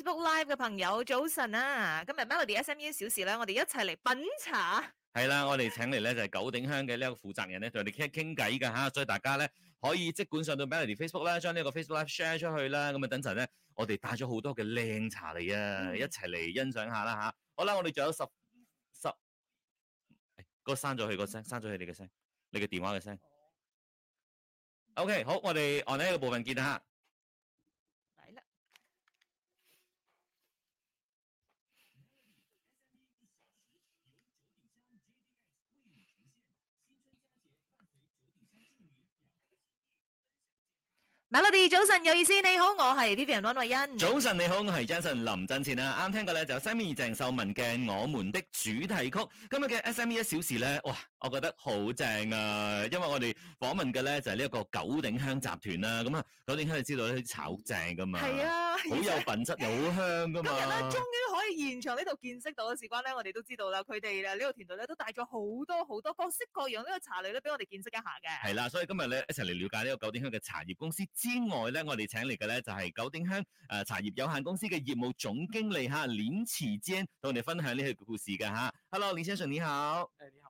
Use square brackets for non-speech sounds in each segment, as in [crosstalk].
Facebook Live 嘅朋友早晨啊！今日 Melody SME 小時咧，我哋一齊嚟品茶。係啦、啊，我哋請嚟咧就係、是、九鼎香嘅呢一個負責人咧，同我哋傾傾偈噶吓，所以大家咧可以即管上到 Melody Facebook 啦，將呢個 Facebook Live share 出去啦。咁、嗯、啊，等陣咧我哋帶咗好多嘅靚茶嚟啊，一齊嚟欣賞下啦吓。好啦，我哋仲有十十，嗰個刪咗去個聲，刪咗去你嘅聲，你嘅電話嘅聲。OK，好，我哋按呢一個部分見啦吓。Melody，早晨有意思，你好，我係 Vivian 溫慧欣。早晨你好，我係 Jason 林振前啊。啱聽過咧就係 SME 鄭秀文嘅我們的主題曲，今日嘅 SME 一小時呢。哇！我覺得好正啊！因為我哋訪問嘅咧就係呢一個九鼎香集團啦。咁啊，九鼎香就知道啲茶好正噶嘛？係啊，好有品質好 [laughs] 香噶嘛。今日咧終於可以現場呢度見識到嘅，事關咧，我哋都知道啦，佢哋咧呢、這個團隊咧都帶咗好多好多各式各樣的呢個茶類咧，俾我哋見識一下嘅。係啦、啊，所以今日咧一齊嚟了解呢個九鼎香嘅茶葉公司之外咧，我哋請嚟嘅咧就係、是、九鼎香誒茶葉有限公司嘅業務總經理吓林馳堅，同我哋分享呢個故事噶吓。Hello，林先生你好。呃，你好。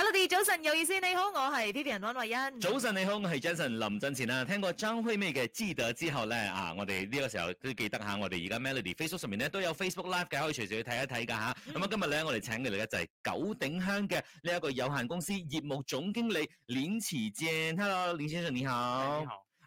Hello，早晨有意思，你好，我係 TVB 人文慧欣。早晨你好，我係 Jason 林俊前啊。聽過張惠妹嘅《知道》之後咧啊，我哋呢個時候都記得下，我哋而家 Melody Facebook 上面咧都有 Facebook Live，可以隨時去睇一睇噶吓。咁啊、嗯嗯，今日咧我哋請你嚟嘅就係九鼎香嘅呢一個有限公司業務總經理連啟正。Hello，連先生你好。你好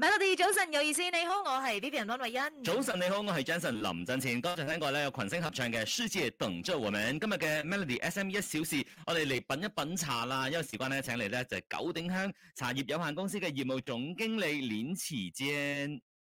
Melody 早晨有意思，你好，我係 B B 人安慧欣。早晨你好，我係 Jensen 林振前。剛才聽過咧有群星合唱嘅《世界等着我們》。今日嘅 Melody S M 一、e、小時，我哋嚟品一品茶啦。因為事關咧，請嚟咧就係、是、九鼎香茶葉有限公司嘅業務總經理連池堅。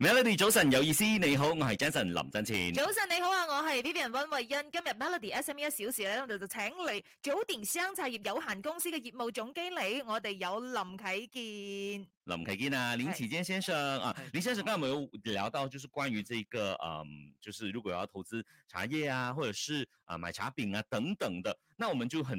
Melody 早晨有意思，你好，我係 Jason 林振前。早晨你好啊，我係 Vivian 温慧欣。今日 Melody S M E 一小時咧，我哋就請嚟早田商茶葉有限公司嘅業務總經理，我哋有林啟建。林啟建啊，是林啟建先生是啊，林是先生今日有冇有聊到，就是關於這個，嗯，就是如果要投資茶葉啊，或者是啊買茶餅啊等等的，那我們就很。